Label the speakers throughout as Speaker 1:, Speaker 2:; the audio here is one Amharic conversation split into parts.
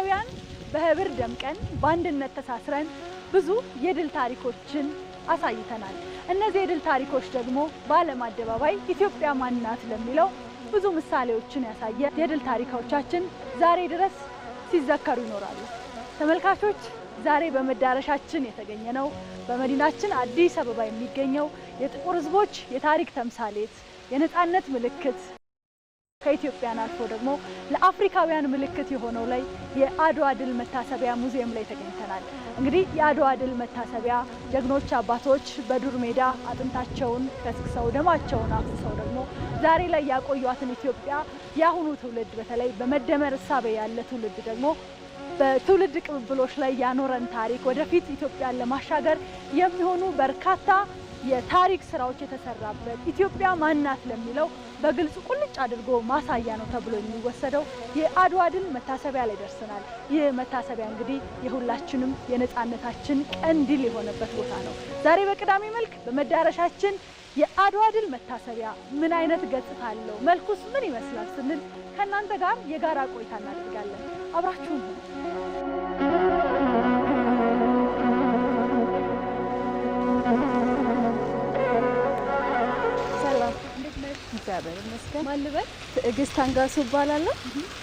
Speaker 1: ኢትዮጵያውያን በህብር ደምቀን በአንድነት ተሳስረን ብዙ የድል ታሪኮችን አሳይተናል። እነዚህ የድል ታሪኮች ደግሞ በዓለም አደባባይ ኢትዮጵያ ማንናት ለሚለው ብዙ ምሳሌዎችን ያሳየ የድል ታሪኮቻችን ዛሬ ድረስ ሲዘከሩ ይኖራሉ። ተመልካቾች ዛሬ በመዳረሻችን የተገኘ ነው በመዲናችን አዲስ አበባ የሚገኘው የጥቁር ህዝቦች የታሪክ ተምሳሌት የነፃነት ምልክት ከኢትዮጵያን አልፎ ደግሞ ለአፍሪካውያን ምልክት የሆነው ላይ የአድዋ ድል መታሰቢያ ሙዚየም ላይ ተገኝተናል። እንግዲህ የአድዋ ድል መታሰቢያ ጀግኖች አባቶች በዱር ሜዳ አጥንታቸውን ከስክሰው ደማቸውን አፍስሰው ደግሞ ዛሬ ላይ ያቆዩትን ኢትዮጵያ የአሁኑ ትውልድ በተለይ በመደመር እሳቤ ያለ ትውልድ ደግሞ በትውልድ ቅብብሎች ላይ ያኖረን ታሪክ ወደፊት ኢትዮጵያን ለማሻገር የሚሆኑ በርካታ የታሪክ ስራዎች የተሰራበት ኢትዮጵያ ማናት ለሚለው በግልጽ ቁልጭ አድርጎ ማሳያ ነው ተብሎ የሚወሰደው የአድዋ ድል መታሰቢያ ላይ ደርሰናል። ይህ መታሰቢያ እንግዲህ የሁላችንም የነፃነታችን ቀንዲል የሆነበት ቦታ ነው። ዛሬ በቅዳሜ መልክ በመዳረሻችን የአድዋ ድል መታሰቢያ ምን አይነት ገጽታ አለው፣ መልኩስ ምን ይመስላል ስንል ከእናንተ ጋር የጋራ ቆይታ እናደርጋለን። አብራችሁን
Speaker 2: ማልበል ትዕግስት አንጋሶ እባላለሁ።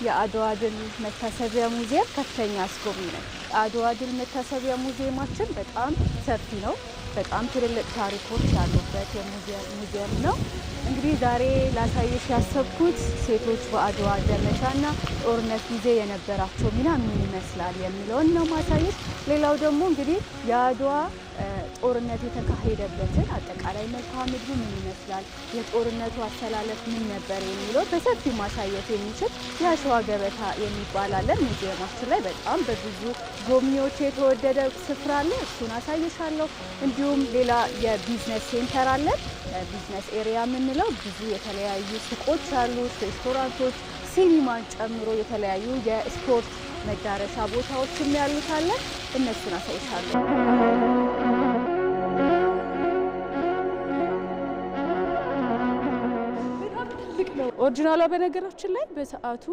Speaker 2: የአድዋ ድል መታሰቢያ ሙዚየም ከፍተኛ አስጎብኝ ነኝ። አድዋ ድል መታሰቢያ ሙዚየማችን በጣም ሰፊ ነው። በጣም ትልልቅ ታሪኮች ያሉበት ሙዚየም ነው። እንግዲህ ዛሬ ላሳየሽ ያሰብኩት ሴቶች በአድዋ ዘመቻና ጦርነት ጊዜ የነበራቸው ሚና ምን ይመስላል የሚለውን ነው ማሳየሽ። ሌላው ደግሞ እንግዲህ የአድዋ ጦርነት የተካሄደበትን አጠቃላይ መልክዓ ምድሩ ምን ይመስላል፣ የጦርነቱ አስተላለፍ ምን ነበር የሚለው በሰፊው ማሳየት የሚችል የአሸዋ ገበታ የሚባል አለ። ሙዚየማችን ላይ በጣም በብዙ ጎብኚዎች የተወደደ ስፍራ አለ። እሱን አሳይሻለሁ። እንዲሁም ሌላ የቢዝነስ ሴንተር አለ። ቢዝነስ ኤሪያ የምንለው ብዙ የተለያዩ ሱቆች አሉ፣ ሬስቶራንቶች፣ ሲኒማን ጨምሮ የተለያዩ የስፖርት መዳረሻ ቦታዎችም ያሉት አለ። እነሱን አሳይሻለሁ። ኦሪጂናሏ በነገራችን ላይ በሰዓቱ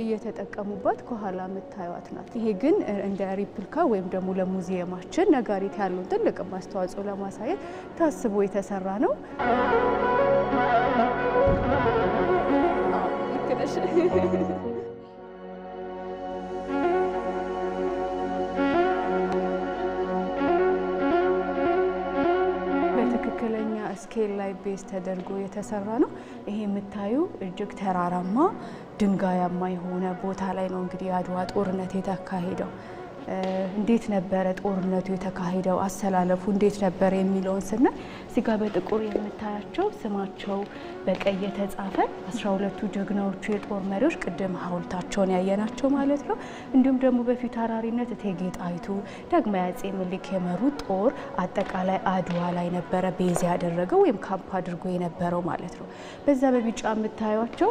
Speaker 2: እየተጠቀሙባት ከኋላ የምታዩት ናት። ይሄ ግን እንደ ሪፕልካ ወይም ደግሞ ለሙዚየማችን ነጋሪት ያለውን ትልቅ አስተዋጽኦ ለማሳየት ታስቦ የተሰራ ነው። ልክ ነሽ። ስኬል ላይ ቤዝ ተደርጎ የተሰራ ነው። ይሄ የምታዩ እጅግ ተራራማ ድንጋያማ የሆነ ቦታ ላይ ነው እንግዲህ የአድዋ ጦርነት የተካሄደው። እንዴት ነበረ ጦርነቱ የተካሄደው፣ አሰላለፉ እንዴት ነበረ የሚለውን ስናይ እዚጋ በጥቁር የምታያቸው ስማቸው በቀይ የተጻፈ አስራ ሁለቱ ጀግናዎቹ የጦር መሪዎች ቅድም ሀውልታቸውን ያየናቸው ማለት ነው። እንዲሁም ደግሞ በፊት አራሪነት እቴጌ ጣይቱ ደግሞ የአፄ ምኒልክ የመሩት ጦር አጠቃላይ አድዋ ላይ ነበረ ቤዝ ያደረገው ወይም ካምፕ አድርጎ የነበረው ማለት ነው። በዛ በቢጫ የምታዩቸው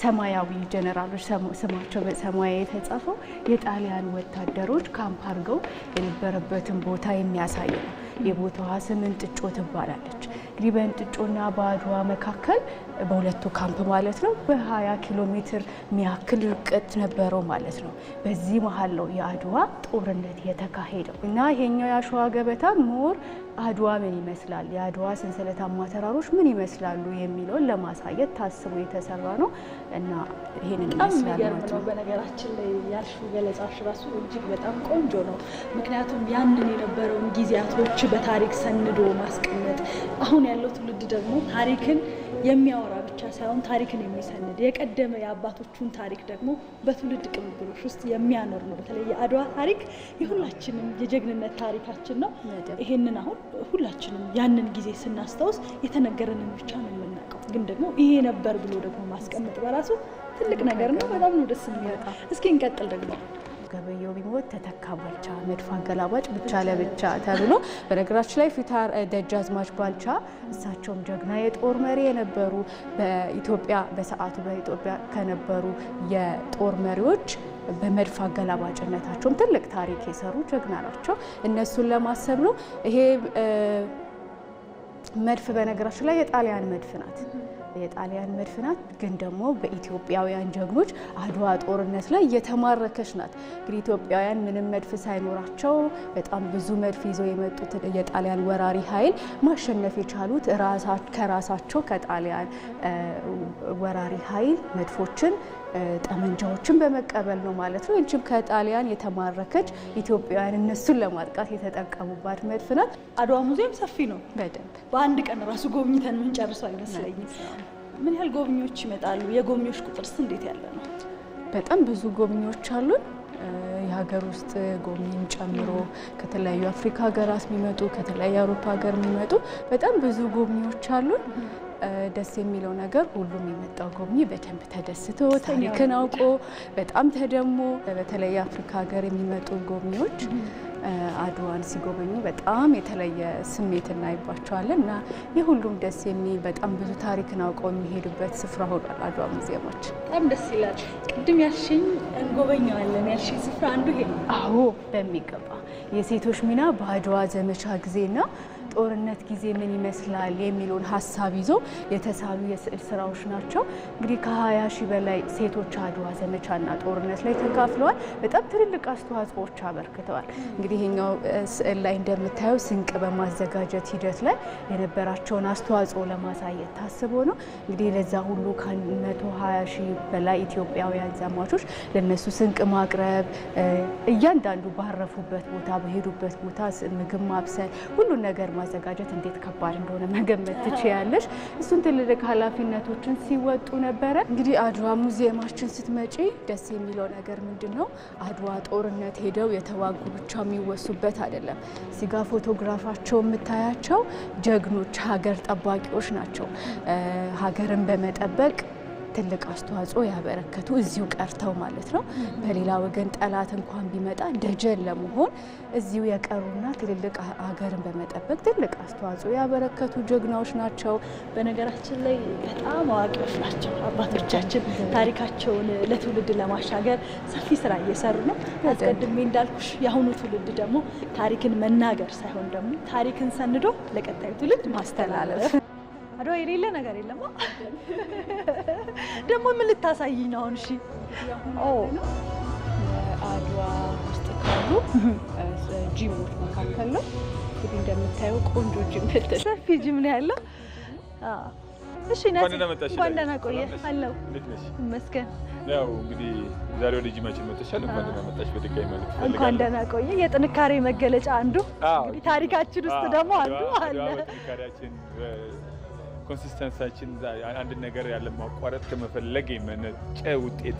Speaker 2: ሰማያዊ ጀነራሎች ስማቸው በሰማያዊ የተጻፈው የጣሊያን ወታደሮች ካምፕ አድርገው የነበረበትን ቦታ የሚያሳይ ነው። የቦታዋ ስም እንጥጮ ትባላለች። እንግዲህ በእንጥጮና በአድዋ መካከል በሁለቱ ካምፕ ማለት ነው በ20 ኪሎ ሜትር የሚያክል ርቀት ነበረው ማለት ነው። በዚህ መሀል ነው የአድዋ ጦርነት የተካሄደው እና ይሄኛው የአሸዋ ገበታ ሞር አድዋ ምን ይመስላል፣ የአድዋ ሰንሰለታማ ተራሮች ምን ይመስላሉ የሚለውን ለማሳየት ታስቦ የተሰራ ነው እና ይሄንን ይመስላል ነው። በነገራችን ላይ ያልሹ ገለጻሽ ራሱ እጅግ በጣም ቆንጆ ነው። ምክንያቱም ያንን የነበረውን ጊዜያቶች በታሪክ ሰንዶ ማስቀመጥ፣ አሁን ያለው ትውልድ ደግሞ ታሪክን የሚያወራ ብቻ ሳይሆን ታሪክን የሚሰንድ የቀደመ የአባቶቹን ታሪክ ደግሞ በትውልድ ቅብብሎች ውስጥ የሚያኖር ነው። በተለይ የአድዋ ታሪክ የሁላችንም የጀግንነት ታሪካችን ነው። ይህንን አሁን ሁላችንም ያንን ጊዜ ስናስታውስ የተነገረንን ብቻ ነው የምናውቀው። ግን ደግሞ ይሄ ነበር ብሎ ደግሞ ማስቀመጥ በራሱ ትልቅ ነገር ነው። በጣም ነው ደስ የሚወጣ። እስኪ እንቀጥል ደግሞ ገበየው ቢሞት ተተካ ባልቻ መድፍ አገላባጭ ብቻ ለብቻ ተብሎ በነገራችን ላይ ፊታር ደጃዝማች ባልቻ እሳቸውም ጀግና የጦር መሪ የነበሩ በኢትዮጵያ በሰዓቱ በኢትዮጵያ ከነበሩ የጦር መሪዎች በመድፍ አገላባጭነታቸውም ትልቅ ታሪክ የሰሩ ጀግና ናቸው። እነሱን ለማሰብ ነው ይሄ መድፍ። በነገራችን ላይ የጣሊያን መድፍ ናት የጣሊያን መድፍ ናት፣ ግን ደግሞ በኢትዮጵያውያን ጀግኖች አድዋ ጦርነት ላይ እየተማረከች ናት። እንግዲህ ኢትዮጵያውያን ምንም መድፍ ሳይኖራቸው በጣም ብዙ መድፍ ይዘው የመጡት የጣሊያን ወራሪ ኃይል ማሸነፍ የቻሉት ከራሳቸው ከጣሊያን ወራሪ ኃይል መድፎችን ጠመንጃዎችን በመቀበል ነው ማለት ነው። እጅም ከጣሊያን የተማረከች ኢትዮጵያውያን እነሱን ለማጥቃት የተጠቀሙባት መድፍ ናት። አድዋ ሙዚየም ሰፊ ነው በደንብ በአንድ ቀን ራሱ ጎብኝተን የምንጨርሰው አይመስለኝም። ምን ያህል ጎብኚዎች ይመጣሉ? የጎብኚዎች ቁጥርስ እንዴት ያለ ነው? በጣም ብዙ ጎብኚዎች አሉን የሀገር ውስጥ ጎብኚን ጨምሮ ከተለያዩ አፍሪካ ሀገራት የሚመጡ ከተለያዩ አውሮፓ ሀገር የሚመጡ በጣም ብዙ ጎብኚዎች አሉን። ደስ የሚለው ነገር ሁሉም የመጣው ጎብኚ በደንብ ተደስቶ ታሪክን አውቆ በጣም ተደሞ፣ በተለይ አፍሪካ ሀገር የሚመጡ ጎብኚዎች አድዋን ሲጎበኙ በጣም የተለየ ስሜት እናይባቸዋለን እና የሁሉም ደስ የሚል በጣም ብዙ ታሪክን አውቀው የሚሄዱበት ስፍራ ሆኗል አድዋ ሙዚየሞች በጣም ደስ ይላል። ቅድም ያልሽኝ እንጎበኘዋለን ያልሽኝ ስፍራ አንዱ ይሄ ነው። አዎ፣ በሚገባ የሴቶች ሚና በአድዋ ዘመቻ ጊዜና ጦርነት ጊዜ ምን ይመስላል የሚለውን ሀሳብ ይዞ የተሳሉ የስዕል ስራዎች ናቸው። እንግዲህ ከሀያ ሺህ በላይ ሴቶች አድዋ ዘመቻና ጦርነት ላይ ተካፍለዋል። በጣም ትልልቅ አስተዋጽኦዎች አበርክተዋል። እንግዲህ ኛው ስዕል ላይ እንደምታየው ስንቅ በማዘጋጀት ሂደት ላይ የነበራቸውን አስተዋጽኦ ለማሳየት ታስቦ ነው። እንግዲህ ለዛ ሁሉ ከ120 ሺህ በላይ ኢትዮጵያውያን ዘማቾች ለነሱ ስንቅ ማቅረብ እያንዳንዱ ባረፉበት ቦታ በሄዱበት ቦታ ምግብ ማብሰል ሁሉን ነገር ማዘጋጀት እንዴት ከባድ እንደሆነ መገመት ትችያለሽ። እሱን ትልልቅ ኃላፊነቶችን ሲወጡ ነበረ። እንግዲህ አድዋ ሙዚየማችን ስትመጪ ደስ የሚለው ነገር ምንድን ነው? አድዋ ጦርነት ሄደው የተዋጉ ብቻ የሚወሱበት አይደለም። ሲጋ ፎቶግራፋቸው የምታያቸው ጀግኖች ሀገር ጠባቂዎች ናቸው። ሀገርን በመጠበቅ ትልቅ አስተዋጽኦ ያበረከቱ እዚሁ ቀርተው ማለት ነው። በሌላ ወገን ጠላት እንኳን ቢመጣ ደጀን ለመሆን እዚሁ የቀሩና ትልልቅ ሀገርን በመጠበቅ ትልቅ አስተዋጽኦ ያበረከቱ ጀግናዎች ናቸው። በነገራችን ላይ በጣም አዋቂዎች ናቸው አባቶቻችን። ታሪካቸውን ለትውልድ ለማሻገር ሰፊ ስራ እየሰሩ ነው። አስቀድሜ እንዳልኩሽ የአሁኑ ትውልድ ደግሞ ታሪክን መናገር ሳይሆን ደግሞ ታሪክን ሰንዶ ለቀጣዩ ትውልድ ማስተላለፍ አድዋ የሌለ ነገር የለም። ደግሞ ምን ልታሳይኝ ነው አሁን? እሺ አድዋ ውስጥ ካሉ ጂሞች መካከል ነው እንግዲህ እንደምታየው ቆንጆ ጂም ሰፊ ጂም ነው ያለው።
Speaker 3: እሺ እንኳን ደህና ቆየ አለው። ይመስገን። ያው እንግዲህ ዛሬ ወደ ጂማችን መጥተሻል። እንኳን ደህና መጣሽ በድጋሚ ማለት
Speaker 2: ፈልጋለሁ። እንኳን ደህና ቆየ። የጥንካሬ መገለጫ አንዱ እንግዲህ ታሪካችን ውስጥ ደግሞ አንዱ
Speaker 3: አለ። ኮንሲስተንሳችን አንድ ነገር ያለ ማቋረጥ ከመፈለግ የመነጨ ውጤት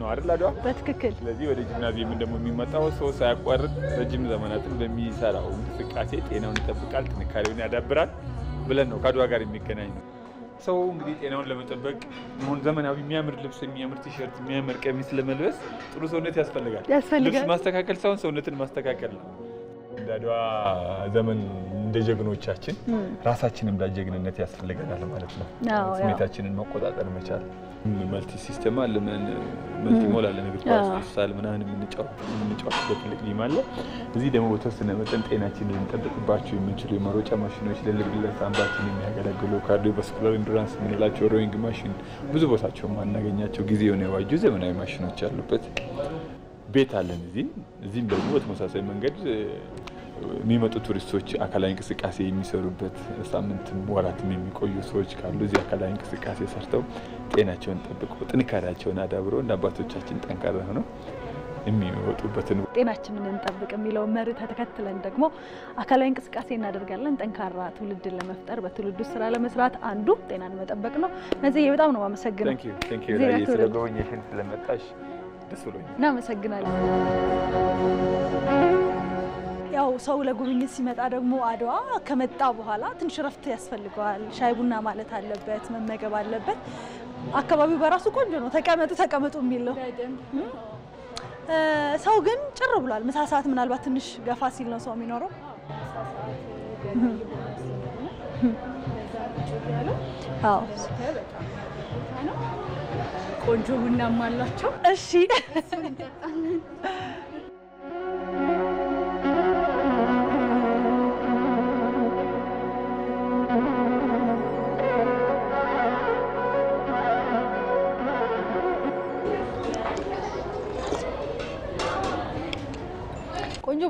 Speaker 3: ነው አይደል አድዋ? በትክክል ስለዚህ ወደ ጂምናዚየም ደግሞ የሚመጣው ሰው ሳያቋርጥ ረጅም ዘመናትን በሚሰራው እንቅስቃሴ ጤናውን ይጠብቃል፣ ጥንካሬውን ያዳብራል ብለን ነው ከአድዋ ጋር የሚገናኝ ነው። ሰው እንግዲህ ጤናውን ለመጠበቅ አሁን ዘመናዊ የሚያምር ልብስ፣ የሚያምር ቲሸርት፣ የሚያምር ቀሚስ ለመልበስ ጥሩ ሰውነት ያስፈልጋል። ልብስ ማስተካከል ሳይሆን ሰውነትን ማስተካከል ነው። እንደ አድዋ ዘመን እንደ ጀግኖቻችን ራሳችንም ዳጀግንነት ያስፈልገናል ማለት ነው። ስሜታችንን መቆጣጠር መቻል መልቲ ሲስተም አለ መልቲ ሞል አለ ንግድ ፋስሳል ምናምን የምንጫወትበት ትልቅ ጂም አለ። እዚህ ደግሞ በተወሰነ መጠን ጤናችን ልንጠብቅባቸው የምንችሉ የመሮጫ ማሽኖች ለልግለት አንባችን የሚያገለግሉ ካርዲዮቫስኩላር ኢንዱራንስ የምንላቸው ሮዊንግ ማሽን ብዙ ቦታቸው ማናገኛቸው ጊዜ የሆነ የዋጁ ዘመናዊ ማሽኖች ያሉበት ቤት አለን። እዚህም እዚህም ደግሞ በተመሳሳይ መንገድ የሚመጡ ቱሪስቶች አካላዊ እንቅስቃሴ የሚሰሩበት ሳምንትም ወራትም የሚቆዩ ሰዎች ካሉ እዚህ አካላዊ እንቅስቃሴ ሰርተው ጤናቸውን ጠብቀው ጥንካሬያቸውን አዳብሮ እንደ አባቶቻችን ጠንካራ ሆነው የሚወጡበትን
Speaker 2: ጤናችንን እንጠብቅ የሚለው መሪ ተከትለን ደግሞ አካላዊ እንቅስቃሴ እናደርጋለን። ጠንካራ ትውልድን ለመፍጠር በትውልዱ ስራ ለመስራት አንዱ ጤናን መጠበቅ ነው። ነጽዬ በጣም ነው አመሰግነው።
Speaker 3: ስለጎበኘሽን ስለመጣሽ
Speaker 2: ደስ ብሎኛል። እናመሰግናለን። ሰው ለጉብኝት ሲመጣ ደግሞ አድዋ ከመጣ በኋላ ትንሽ ረፍት ያስፈልገዋል። ሻይ ቡና ማለት አለበት፣ መመገብ አለበት። አካባቢው በራሱ ቆንጆ ነው። ተቀመጡ ተቀመጡ የሚለው ሰው ግን ጭር ብሏል። ምሳ ሰዓት ምናልባት ትንሽ ገፋ ሲል ነው ሰው የሚኖረው። ቆንጆ ቡናም አላቸው። እሺ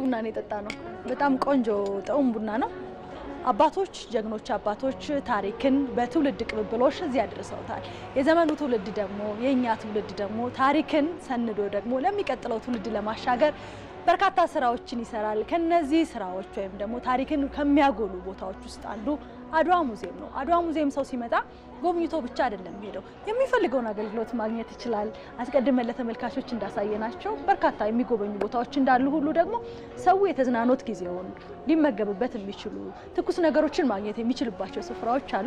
Speaker 2: ቡና ነው የጠጣ ነው። በጣም ቆንጆ ጥዑም ቡና ነው። አባቶች ጀግኖች አባቶች ታሪክን በትውልድ ቅብብሎሽ እዚህ አድርሰውታል። የዘመኑ ትውልድ ደግሞ የእኛ ትውልድ ደግሞ ታሪክን ሰንዶ ደግሞ ለሚቀጥለው ትውልድ ለማሻገር በርካታ ስራዎችን ይሰራል። ከነዚህ ስራዎች ወይም ደግሞ ታሪክን ከሚያጎሉ ቦታዎች ውስጥ አንዱ አድዋ ሙዚየም ነው። አድዋ ሙዚየም ሰው ሲመጣ ጎብኝቶ ብቻ አይደለም ሄደው የሚፈልገውን አገልግሎት ማግኘት ይችላል። አስቀድመን ለተመልካቾች እንዳሳየናቸው በርካታ የሚጎበኙ ቦታዎች እንዳሉ ሁሉ ደግሞ ሰው የተዝናኖት ጊዜውን ሊመገብበት የሚችሉ ትኩስ ነገሮችን ማግኘት የሚችልባቸው ስፍራዎች አሉ።